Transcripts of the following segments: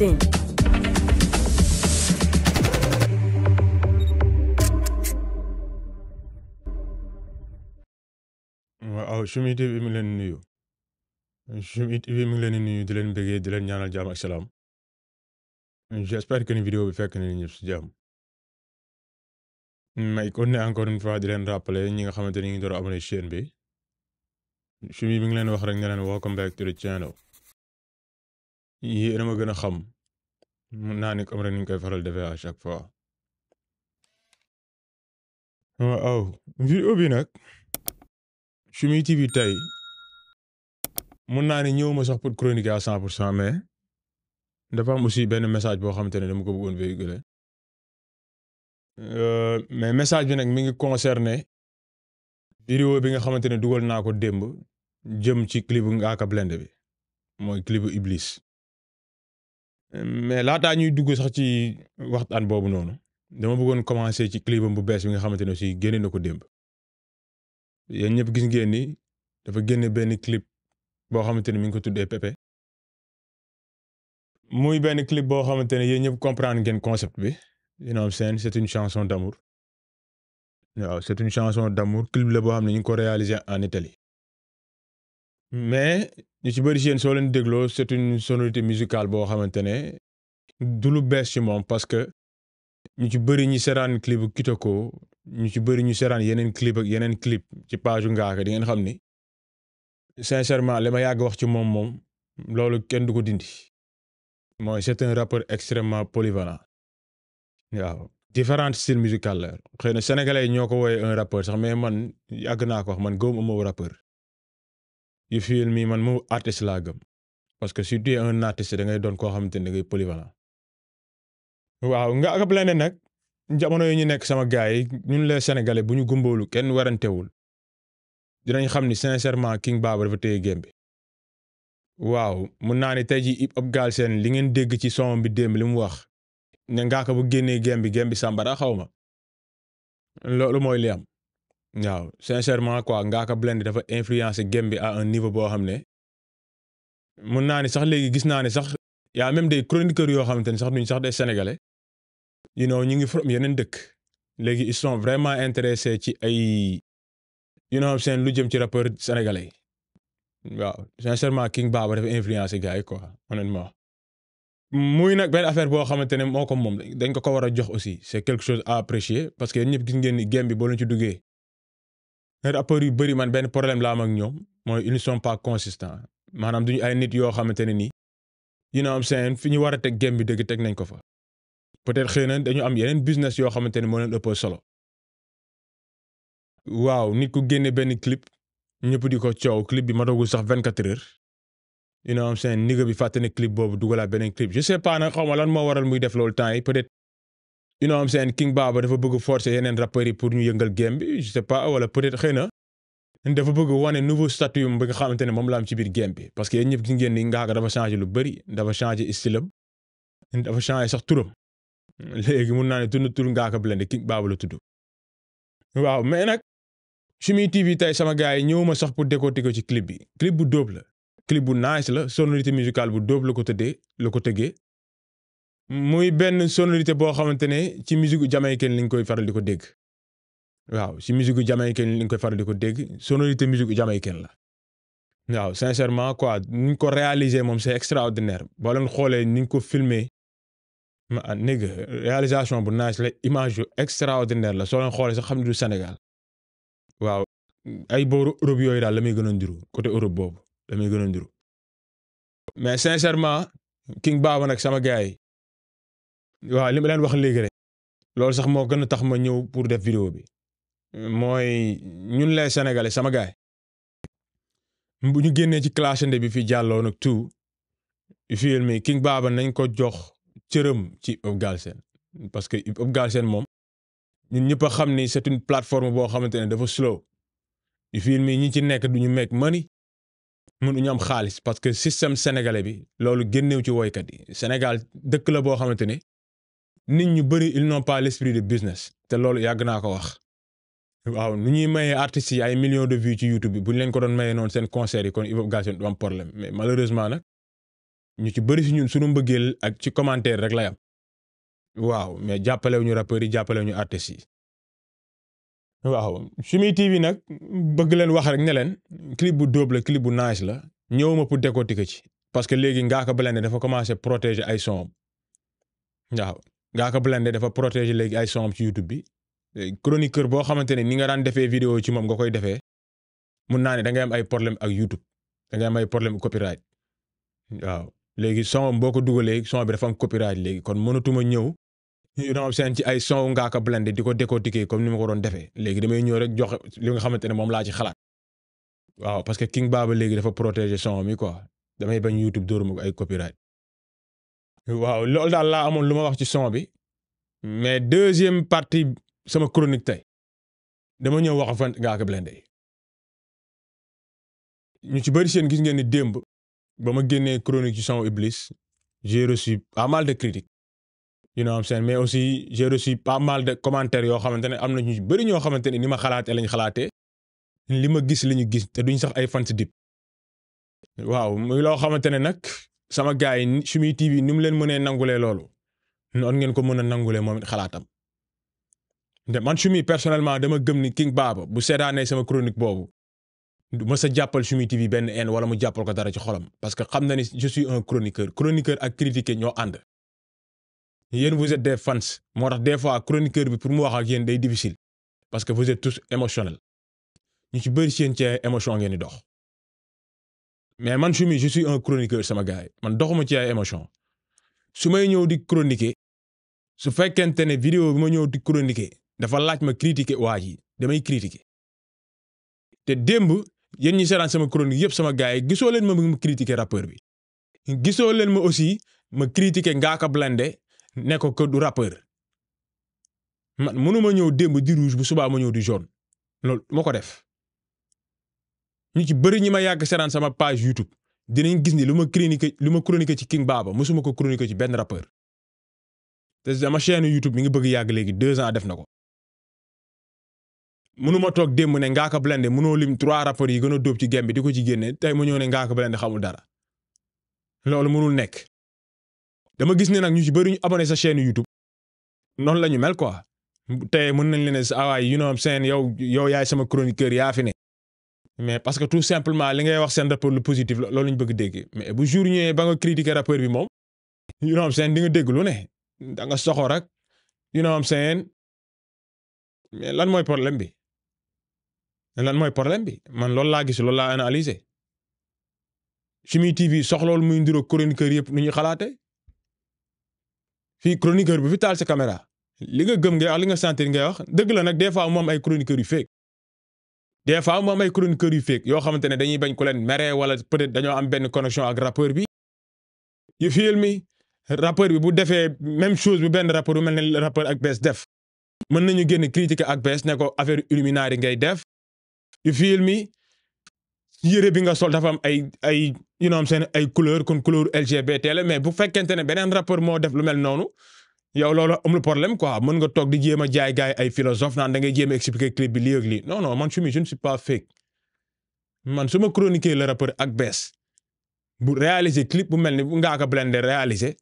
thing. waaw Choumi TV mi ngi leen nuyu Choumi TV mi ngi leen nuyu di leen di leen ñaanal ak salaam que ni vidéo bi fekk nañu ñëpp si jàmm may kon encore une fois di leen rappeler ñi nga xamante ni ñu door a abonné chaîne bi mi ngi leen wax rek leen welcome back to the channel yéen a ma gën a xam mun naa ne comme rek ni ñu koy faral defee a chaque fois waaw vidéo bi nag Choumi TV tey mun naa ne ñëw ma sax pour chroniquer à cent pour cent mais dafa mu aussi benn message boo xamante ne dama ko bëggoon véhiculer euh, mais message bi nag mi ngi concerné vidéo bi nga xamante ne dugal naa ko démb jëm ci clip Ngaaka Blindé bi mooy clip Iblis mais laataa ñuy dugg sax ci waxtaan boobu noonu dama bëggoon commencer ci clipam bu bees bi nga xamante ne aussi génne na ko démb ñëpp gis ngeen dafa génne benn clip boo xamante ne mi ngi ko tuddee Pépé muy benn clip boo xamante ne yéen ñëpp comprendre ngeen concept bi you know seen c'est une chanson d'amour waaw c'est une chanson d'amour clip la boo xam ne ñu ngi ko réalisé en Italie mais ñu ci bari si yéen soo leen dégloo c'est une sonorité musicale boo xamante ne du lu bees ci moom parce que ñu ci bari ñu seraan clip Kitoko ñu ci bari ñu seraan yeneen clip ak yeneen clip ci page Ngaaka di ngeen xam ni sincèrement li ma yàgg wax ci moom moom loolu kenn du ko dindi mooy c'est un rappeur extrêmement polyvalent waaw différentes styles musicaux la xëy na sénégalais ñoo ko wooyee un rappeur sax mais man yàgg naa ko wax man góob amoo rappeur you feel me man mu artiste laa gëm parce que si tu es un artiste da ngay doon ko xamante ne da ngay polyvalent waaw nga ak leneen nag jamono yi ñu nekk sama gars yi ñun les sénégalais bu ñu gumboolu kenn werantewul dinañ xam ni sincèrement King Baba dafa téye game bi waaw mun naa ne tey jii Hip Hop seen li ngeen dégg ci son bi démb li mu wax ne ngaa ko bu génnee game bi game bi sàmbara xaw ma loolu mooy li am waaw sincèrement quoi Ngaaka Blindé dafa influencer game bi à un niveau boo xam ne mën naa ni sax léegi gis naa ne sax yaa a même des chroniqueurs yoo xamante ne sax duñ sax de sénégalais you know ñu ngi from yeneen dëkk léegi ils vraiment intéressés ci ay you know seen lu jëm ci rappeur sénégalais waaw sincèrement King Baba dafa influencer gars yi quoi honnêtement. muy nag benn affaire boo xamante ne moo ko moom dañ ko ko war a jox aussi c'est quelque chose apprécier parce que ñëpp gis ngeen ni bi boo leen ci duggee rappeurs yu bëri man benn problème laa am ak ñoom mooy ils ne sont pas consistants maanaam duñu ay nit yoo xamante ne nii you know am seen fi ñu war a teg gem bi dëgg teg nañ ko fa peut-être xëy na dañu am yeneen business yoo xamante ne moo leen ëpp solo. waaw nit ku génne benn kilip ñëpp di ko coow clip bi ma doogul sax vingt quatre heures you know am seen nigga bi fàtte ne clip boobu dugalaat beneen clip je pas nag xaw ma lan moo waral muy def loolu temps yi être you know what I'm saying King Baba dafa bëgg forcer yeneen rappeurs yi pour ñu yëngal game bi je sais pas wala peut-être xëy na dafa bëgg wane nouveau statut bi nga xamante ne moom la am ci biir game bi parce que yéen ñëpp gis ngeen ni Ngaaka dafa changé lu bëri dafa changé style am dafa changé sax turam léegi mun naa ne tudd tur Ngaaka Blindé King Baba la tudd waaw mais nag Choumi TV tey sama gars yi ñëwuma sax pour décortiquer ko ci clip bi clip bu dóob la clip bu nice la sonorité musicale bu dóob la ko tëddee la ko tëggee muy benn sonorité boo xamante ne ci musique jamaïcaine lañ koy faral di ko dégg waaw ci musique jamaïcaine lañ koy faral di ko dégg sonorité musique jamaïcaine la waaw sincèrement quoi ni ñu ko réaliser moom c'est extraordinaire boo leen xoolee ni ñu ko filmer ma nég ah, réalisation bu naaj la image yu extraordinaire la soo leen xoolee sax xam ne du Sénégal waaw ay booru Europe yooyu daal la may gën a nduru côté Europe boobu la may gën a nduru mais sincèrement King Baba nag sama gars yi waaw li ma leen wax léegi rek loolu sax moo gën a tax ma ñëw pour def vidéo bi mooy ñun les sénégalais sama gaay bu ñu génnee ci clash ndé bi fi jàlloon ak tout film mi King Baba nañ ko jox cërëm ci Hip Hop parce que Hip Hop Galsen moom ñun ñëpp xam ni c'est une plateforme boo xamante ne dafa slow film yi ñi ci nekk duñu meeg mani mënuñu am xaalis parce que système sénégalais bi loolu génnew ci woykat yi Sénégal dëkk la boo xamante ne nit ñu bëri ils n'ont pas l'esprit de business te loolu yàgg naa ko wax. waaw nu ñuy mayee artistes yi ay millions de vues ci YouTube bi bu ñu leen ko doon mayee noonu seen concert yi kon Hip-Hop Galsen du am problème mais malheureusement nag ñu ci bëri si ñun suñu mbëggeel ak ci commentaire rek lay am. waaw mais jàppalewu ñu yi jàppalewu ñu artistes yi. waaw Choumi TV nag bëgg leen wax rek ne leen clip bu dóob la clip bu nice la ñëwuma pour décortiquer ci parce que léegi Ngaaka Blindé dafa commencé protéger ay son waaw ngaa ko blende dafa protéger léegi ay son ci YouTube bi eh, chroniqueur boo xamante ne ni nga daan defee vidéo ci moom nga koy defee mun naa ne da am ay problème ak YouTube da ngay am ay problème copyright waaw léegi son boo ko dugalee son bi dafa am copyright léegi kon mënatuma ñëw ñu doon seen ci ay son ngaa ko blende di ko décortiquer comme ni ma ko doon defee léegi damay ñëw rek jox li nga xamante ne moom laa ci xalaat waaw parce que King Baba léegi dafa protéger son mi quoi damay bañ YouTube dóoruma ko ay copyright waaw loolu daal laa amoon lu ma wax ci son bi mais deuxième partie sama chronique tey dama ñëw wax fan Ngaaka Blindé ñu ci bëri seen gis ngeen ni démb ba ma génnee chronique ci son Iblis j'ai reçu pas mal de critiques you know am seen mais aussi j'ai reçu pas mal de commentaires yoo xamante ne am na ñu bëri ñoo xamante ne ni ma xalaatee lañ xalaatee li ma gis la ñu gis te duñ sax ay fans dip waaw muy loo xamante ne nag sama gars yi Choumi TV ni mu leen mënee nangulee loolu noonu ngeen ko mën a nangulee moom it xalaatam nde man Choumi personnellement dama gëm ni King Baba bu seetaanee sama chronique boobu du ma sa jàppal Choumi TV benn en wala mu jàppal ko dara ci xolam parce que xam na ni je suis un chroniqueur chroniqueur ak critiquer ñoo ànd. yéen vous êtes des fans moo tax des fois chroniqueur bi pour mu wax ak yéen day difficile parce que vous êtes tous émotionnels ñu ci bëri seen ci émotion ngeen di dox. mais man Choumi je suis un chroniqueur sama gars man doxuma ci ay émotion su may ñëw di chroniquer su fekkente ne vidéo bi ma ñëw di chroniquer dafa laaj ma critiquer waa ji damay critiquer te démb yéen ñi seetaan sama chronique yëpp sama gars yi gisoo leen ma mu critiquer rappeur bi gisoo leen ma aussi ma critiquer Ngaaka Blindé ne ko que du rappeur man mënuma ñëw démb di rouge bu subaa ma ñëw di jaune loolu moo ko def ñu ci bëri ñi ma yàgg seraan sama page YouTube dinañ gis ni lu ma chronique lu ma chronique ci King Baba mosuma ko chronique ci benn rappeur te sama chaîne YouTube mi ngi bëgg yàgg léegi deux ans def na ko. mënuma toog démb ne Ngaaka Blindé mënoo lim trois rappeurs yi gën a dóob ci game bi di ko ci génne tey mu ñëw ne Ngaaka Blindé xamul dara loolu mënul nekk. dama gis ne nag ñu ci bëri ñu sa chaîne YouTube noonu la ñu mel quoi tey mën nañ leen ne sa awaay ah yu noom seen yow yow yaay sama chroniqueur yaa fi ne. mais parce que tout simplement li ngay wax seen rappeur lu positif la loolu ñu bëgg dégg mais bu jour ñëwee ba nga critiquer rappeur bi moom you know seen di nga dégg lu nga soxor ak you know lan mooy problème bi lan mooy problème bi man loolu laa gis loolu laa analyser Choumi TV soxlool muy nduróo chroniqueur yëpp nu ñuy xalaate fii chroniqueur bi fi taal sa caméra li nga gëm ngay wax li nga sentir ngay wax dëgg la nag des fois moom ay chroniqueur yu des fois mu ay chroniqueurs yu féeg yoo xamante ne dañuy bañ ku leen mere wala peut-être dañoo am benn connexion ak rappeur bi. you feel me rappeur bi bu defee même chose bu benn rappeur bu mel ne rappeur ak bees def. mën nañu génn critiquer ak bees ne ko affaire Illuminati ngay def. you feel bi nga sol dafa am ay ay you seen ay couleur kon couleur LGBT la mais bu fekkente ne beneen rappeur moo def lu mel noonu. yow loolu amul problème quoi mën nga toog di jéem a jaay gaay ay philosophe naan da ngay jéem a expliquer clip bi lii ak lii non non man su ma je ne man su ma chroniquer le rappeur ak bees bu réaliser clip bu mel ni bu Ngaaka Blindé réaliser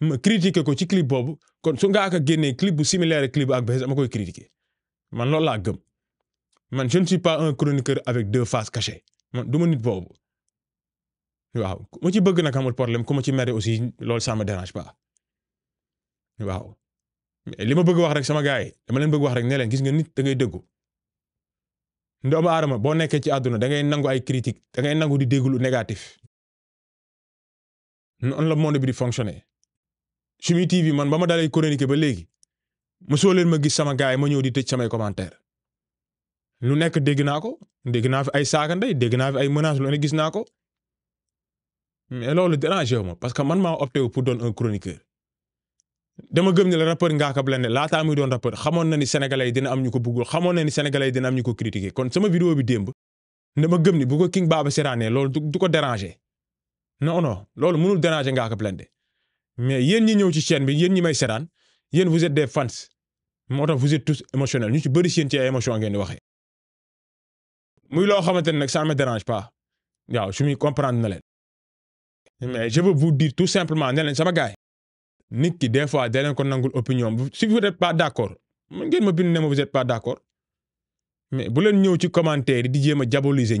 ma critiquer ko ci clip boobu kon su Ngaaka génnee clip bu similaire clip ak bees dama koy critiquer man loolu laa gëm man je ne suis pas un chroniqueur avec deux faces cachées man du ma nit boobu waaw ku ma ci bëgg nag amul problème ku ma ci mere aussi loolu ça me dérange waaw li ma bëgg wax rek sama gaay yi dama leen bëgg wax rek ne leen gis nga nit da ngay dëggu doomu aadama boo nekkee ci àdduna da ngay nangu ay critique da ngay nangu di déglu négatif noonu la monde bi di fonctionner Choumi TV man ba ma dalee chronique ba léegi mosoo leen ma gis sama gaay ma ñëw di tëj samay commentaire lu nekk dégg naa ko dégg naa fi ay saaga ndey dégg naa fi ay menaces lu ne gis naa ko mais loolu dérangé wu parce que man maa opté pour doon un dama gëm ni la rappeur Ngaaka Blindé laataa muy doon rappeur xamoon na ni sénégalais yi dina am ñuko bëggul xamone na ni sénégalais yi dina am ñuko critiquer kon sama vidéo bi demb dama gëm ni bu ko King Baba sérané lool du ko déranger non non lool mënul déranger ka Blindé mais yeen ñi ñëw ci chaîne bi yeen ñi may seraan yeen vous êtes des fans moo vous êtes tous émotionnels ñu ci bëri seen ci ay émotion ngeen di waxé muy lo xamante nak nag ça me dérange pas waaw je muy comprendre na leen mais je veux vous dire tout simplement ne leen sama gars nit ki des fois dalen ko nangul opinion si vous n'êtes pas d'accord ngeen ma vous êtes pas d'accord mais bu vous ñëw ci commentaire di diaboliser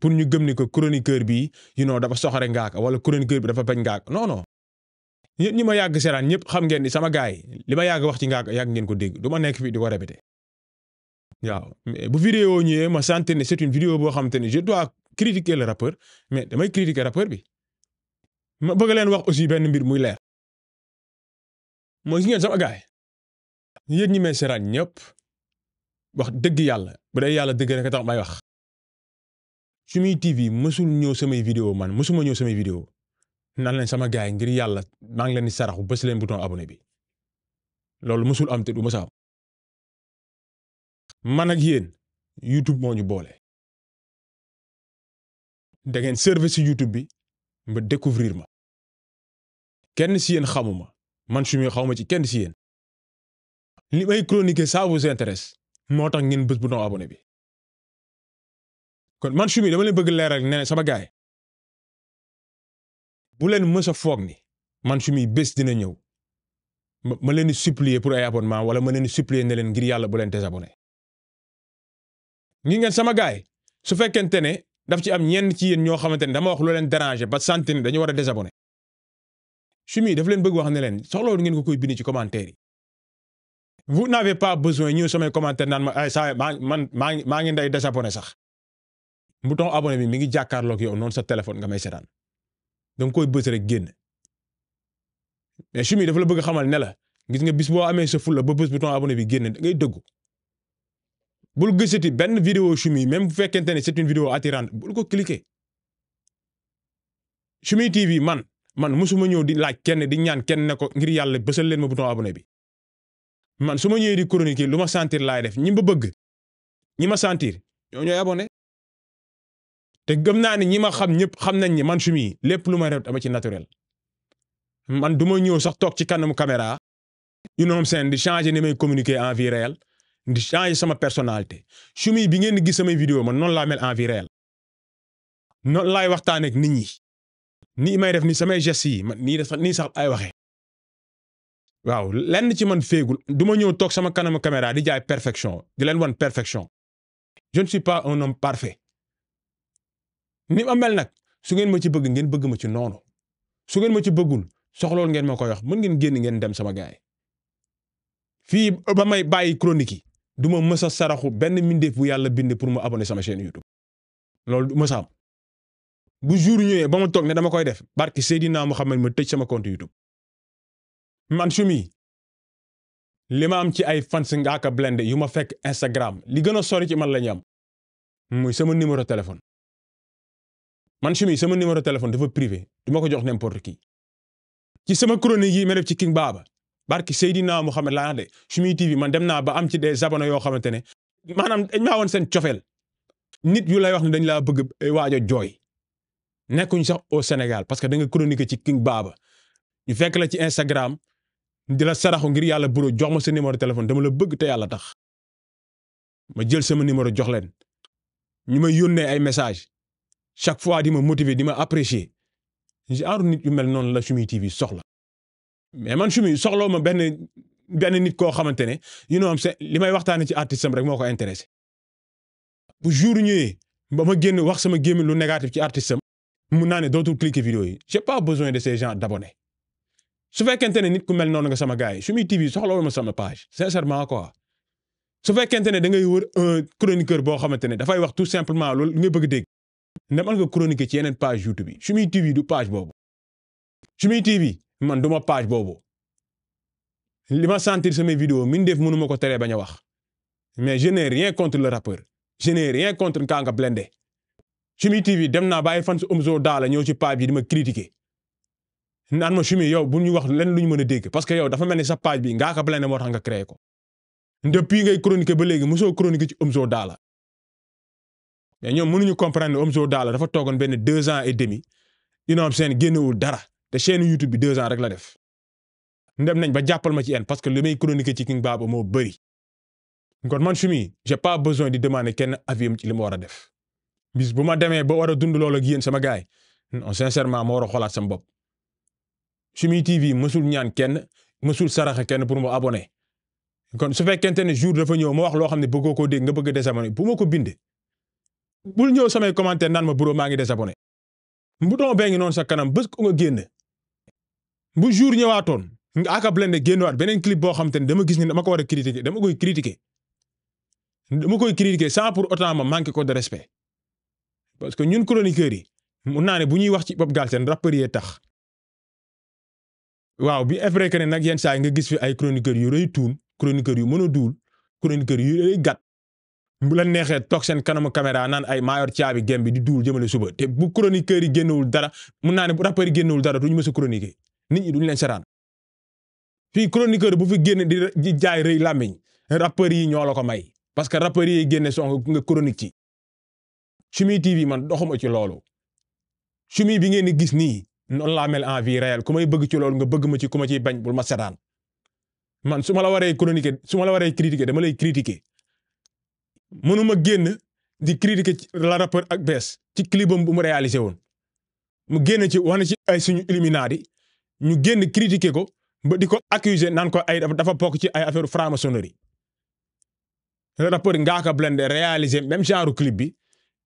pour ñu gëm ni que chroniqueur bi you know dafa soxare ngaaka wala chroniqueur bi dafa bañ non non ñi ma xam ngeen ni sama vous li wax ci ngaaka yag ngeen ko dégg duma répéter bu vidéo ma c'est une vidéo vous xam je dois critiquer le rappeur mais damay critiquer rappeur bi ma bëgg len wax aussi ben mbir muy mooy gis ngeen sama gaay yéen ñi may seeraan ñëpp wax dëgg yàlla bu dee yàlla dëgg rek tax may wax Choumi TV mësul ñëw samay vidéo man mësuma ñëw samay vidéo nan leen sama gaay ngir yàlla maa leen di saraxu bës leen bouton abonné bi loolu mësul am te du mësa man ak yéen YouTube moo ñu boole da ngeen service si YouTube bi mba découvrir ma kenn si yéen xamuma man su xaw ma ci kenn si yéen li may chroniquer ça vous moo tax ngeen bës bu noo abonné bi kon man su dama leen bëgg leeral ne sama gaay bu leen mësa a foog ni man su bés dina ñëw ma leen di supplier pour ay abonnement wala ma leen di supplier ne ngir yàlla bu leen désabonné ngi ngeen sama gaay su fekkente ne daf ci am ñenn ci yéen ñoo xamante ne dama wax lu leen déranger ba santé ne dañu war a désabonné chimie daf leen bëgg wax ne leen soxlawul ngeen ko koy bind ci commentaire yi. vous n'avez pas besoin ñëw samay commentaire naan ma ay saa maa man maa ngi maa ngi nday désabonné sax bouton abonné bi mi ngi jàkkaarloog yow noonu sa téléphone nga may seetaan da nga koy bës rek génn mais chimie dafa la bëgg xamal ne la gis nga bis boo amee sa fulla ba bës bouton abonné bi génn da ngay dëggu. bul gisati benn vidéo chimie même bu fekkente ne c'est une vidéo attirante ko cliquer chimie man musuma ñëw di laaj kenn di ñaan kenn ne ko ngir yàlla bësal leen ma bouton abone bi man su ma ñëwee di chronique lu ma sentir laay def ñi ma bëgg ñi ma sentir ñoo ñooy abonné te gëm naa ne ñi ma xam ñëpp xam nañ ni man su mi lépp lu may def dama ci naturel man duma ñëw sax toog ci kanamu caméra yu noom seen di changer ni may communiquer en vie réelle di changer sama personnalité su bi ngeen di gis samay video man noonu laa mel en vie réelle laay waxtaan ak nit ñi nii may def ni samay gestes yi man nii de sax nii sax ay waxee waaw lenn ci man féegul du ma ñëw toog sama kanamu caméra di jaay perfection di leen wan perfection je ne suis pas un homme parfait ni ma mel nag su ngeen ma ci bëgg ngeen bëgg ma ci noonu su ngeen ma ci bëggul soxlool ngeen ma koy wax mën ngeen génn ngeen dem sama gaay fii ba may bàyyi chronique yi du ma mës saraxu benn mbindeef bu yàlla bind pour mu abonné sama chaîne YouTube loolu du mës bu jour ñëwee ba ma toog ne dama koy def barki Seydina Muhammad ma tëj sama compte YouTube man sumi li ma am ci ay fans Ngaaka Blindé yu ma fekk Instagram li gën a sori ci man la ñu am muy sama numéro téléphone man sumi sama numéro téléphone dafa privé du ma ko jox n'importe ki ci sama chronique yi ma def ci King Baba barki Seydina Muhammad laa de Choumi TV man dem naa ba am ci des abonnés yoo xamante ne maanaam dañ maa seen cofeel nit yu lay wax ne dañ laa bëgg eh, waaj jooy nekkuñ sax au Sénégal parce que da nga chronique ci King Baba ñu fekk la ci Instagram di la saraxu ngir yàlla buro jox ma numéro téléphone dama la bëgg te yàlla tax ma jël sama numéro jox may ay message chaque fois di ma motiver di ma apprécier Je nit yu mel noonu la de TV soxla mais man chumi benn benn nit koo xamante you know am li ci artiste rek bu jour ñëwee ba ma wax sama lu négatif ci artiste mun naa ne cliquer vidéo yi j'ai pas besoin de ces gens d'abonnés su fekkente ne nit ku mel non nga sama gars yi TV soxlawul ma sama page sincèrement quoi su fekkente ne da ngay wër un chroniqueur bo xamantene da fay wax tout simplement loolu ngay bëgg dégg ndamal nga chroniquer ci yenen page YouTube yi Choumi TV du page boobu Choumi TV man du page boobu lima ma sentir samay vidéo min def mënu ma ko teree bañ wax mais je n'ai rien contre le rappeur je n'ai rien contre kanga Blindé Choumi TV dem naa bàyyi fan si Omzo Dollar ñëw ci page bi di ma critiquer naan ma Choumi yow bu ñu wax lenn lu ñu mën a dégg parce que yow dafa mel ni sa page bi ngaa ko blende moo a nga créé ko depuis nga chroniquer ba léegi mosoo chroniquer ci Omzo Dollar mais ñoom mënuñu comprendre ne Omzo daala dafa toogoon benn deux ans et demi yu seen génnewul dara te chaîne YouTube bi deux ans rek la def ndem nañ ba jàppal ma ci en parce que li may chroniquer ci King Baba moo bëri kon man Choumi j'ai pas besoin di demander kenn avis ci li ma war a def. bis bu ma demee ba war a dund loolu ak yéen sama gaay non sincèrement ma war a xoolaat sama bopp Choumi TV masul ñaan kenn masul saraxe kenn pour mu abonné kon su fekkente ne jour dafa ñëw ma wax loo xam ne bëggoo ko dégg nga bëgg a désabonné bu ma ko bindee bu ñëw samay commentaire naan ma bro maa ngi mbu mbuton bee ngi noon sa kanam bés ko nga génn bu jour ñëwaatoon nga akable ne génnaat beneen clip boo xam te ne dama gis ni dama ko war a critiquer dama koy critiquer dama koy critiquer sans pour autant ma manqué ko de parce que ñun chroniqueurs yi mun naa bu ñuy wax ci Pop Galsen rappeurs yee tax waaw bi est vrai nag yenn saa yi nga gis fi ay chroniqueurs yu rëy tuun chroniqueurs yu mën a duul chroniqueurs yu rëy gàtt bu la neexee toog seen kanamu caméra naan ay maayor caabi gem bi di duul jëmale suba te bu chroniqueurs yi génnewul dara mun naa ne bu rappeurs yi génnewul dara duñu mës a chroniquer nit ñi duñ leen saraan fii chroniqueur bu fi génne di jaay rëy làmmiñ rappeurs yi ñoo la ko may parce que rappeurs yi génne song nga chronique Choumi TV man doxuma ci loolu Choumi bi ngeen di gis nii noonu laa mel en vie réelle bëgg ci loolu nga bëgg ma ci kuma ma ciy bañ bul ma setaan man su ma la waree chroniquer su ma la waree critiquer dama lay critiquer mënuma génn di critiquer la rappeur ak bees ci clipam bu mu réalisé woon mu génn ci wax na ci ay suñu Illuminati ñu génn critiquer ko ba di ko accuser naan ko ay dafa bokk ci ay affaire franc-maçonnerie le rappeur Ngaaka Blindé réalisé même genre clip bi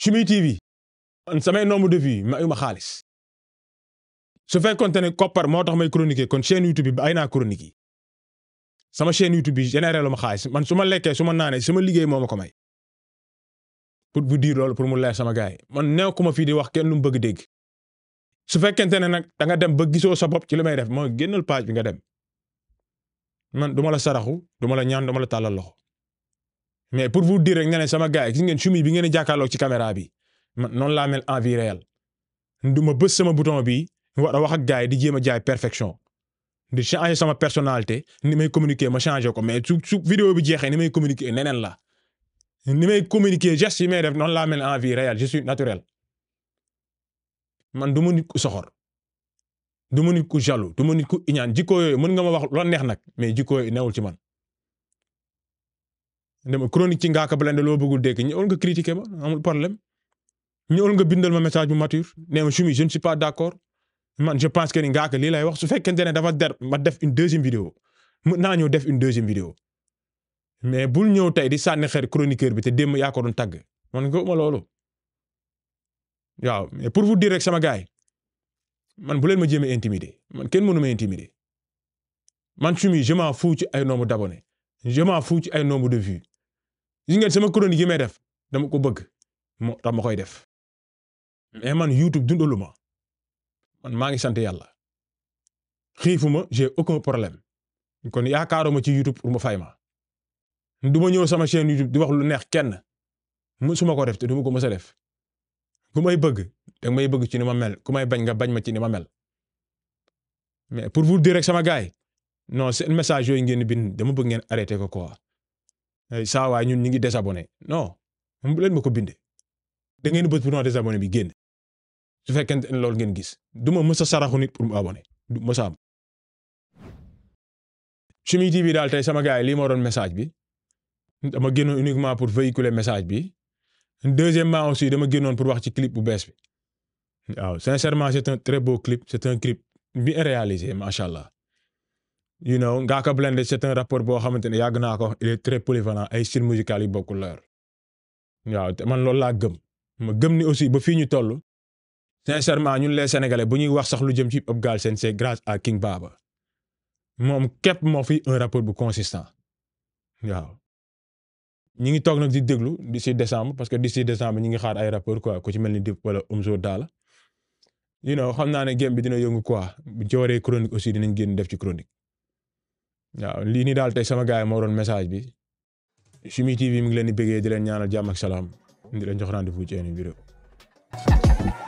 Choumi TV samay nombre de mayu ma xaalis su fekkonte ne koppar moo tax may chroniquer kon seen YouTube bi bàyyi naa chronique yi sama chaîne YouTube bi généré ma xaalis man su ma lekkee su ma naanee suma liggéey moo ma ko may pour bu dire loolu pour mu leer sama gaay man néew ku ma fii di wax kenn lu mu bëgg dégg su fekkente ne nag danga dem ba gisoo sa bopp ci li may def ma génnal page bi nga dem man duma la saraxu duma la ñaan du ma la tàllal loxo mais pour vous dire rek ne sama gars yi gis ngeen bi ngeen di jàkkaarloog ci caméra bi man noonu laa mel en vie réelle du ma bës sama bouton bi war a wax ak gars di jéem jaay perfection di changer sama personnalité ni may communiquer ma changer ko mais su su vidéo bi jeexee ni may communiquer neneen la ni may communiquer gestes yi may def laa mel en vie réelle je suis naturel man du ma nit soxor du ma nit ku du ma nit ku iñaan jikko yooyu mën nga ma wax loo neex nag mais jikko newul ci man. ne ma chronique ci Ngaaka Blindé loo bëggul dégg ñëwal nga critiquer ma amul problème ñëwal nga bindal ma message mu mature nee ma Choumi je pas d'accord man je pense que ni lii lay wax su fekkente ne dafa der ma def une deuxième vidéo mën naa ñëw def une deuxième vidéo mais bul ñëw tey di sànni xeer chroniqueur bi te démb yaa ko tàgg man gëwuma loolu waaw mais pour vous dire rek sama man bu leen ma jéem a man kenn mënu ma intimider man Choumi je m'en ci ay nombre d'abonnés je m'en fous ci ay nombre de vues gis sama chronique yi may def dama ko bëgg moo tax ma koy def mais man YouTube dundalu ma man maa ngi sant yàlla xiifuma j'ai aucun problème kon yaakaaruma ci YouTube pour ma fay ma du ma ñëw sama chaîne YouTube di wax lu neex kenn mësuma ko def te duma ko mës a def ku may bëgg danga may bëgg ci ni ma mel ku bañ ga bañ ma ci ni ma mel mais pour vous dire rek sama gaay non c'est un message yooyu ngeen bind dama bëgg ngeen arrêté ko quoi sa way ñun ñi ngi désabonné non bu leen pas pas da ngeen bës pour non désabonné bi genn su Je ne ngeen gis Je ma saraxu nit pour mu abonné du Je am. TV dal tay sama gars yi mo message bi dama uniquement pour véhiculer message bi deuxièmement aussi dama pour wax ci clip bu bess bi sincèrement c'est un très beau clip c'est un clip bien réalisé machallah you know Ngaaka Blindé c'est un rappeur bo xamante ne yàgg ko il est très polyvalent ay styles musical yi bokkul leer waaw man lool la gëm ma gëm ni aussi ba fii ñu toll sincèrement ñun les sénégalais bu ñuy wax sax lu jëm ci hip gal sen c'est grâce à King Baba mom kep mo fi un rappeur bu consistant waaw ñi ngi tok nak di déglu d'ici décembre parce que d'ici décembre ñi ngi xaar ay rapport quoi ku ci melni ni Dip wala Omzo Dollar you know xamna naa ne game bi dina yëngu quoi bu jooree chronique aussi dinañ gën def ci chronique. waaw lii nii daal tey sama gars yi moo doon message bi Choumi TV mu ngi leen di bëggee di leen ñaanal jàmm ak salaam di leen jox rendez-vous ci yeneen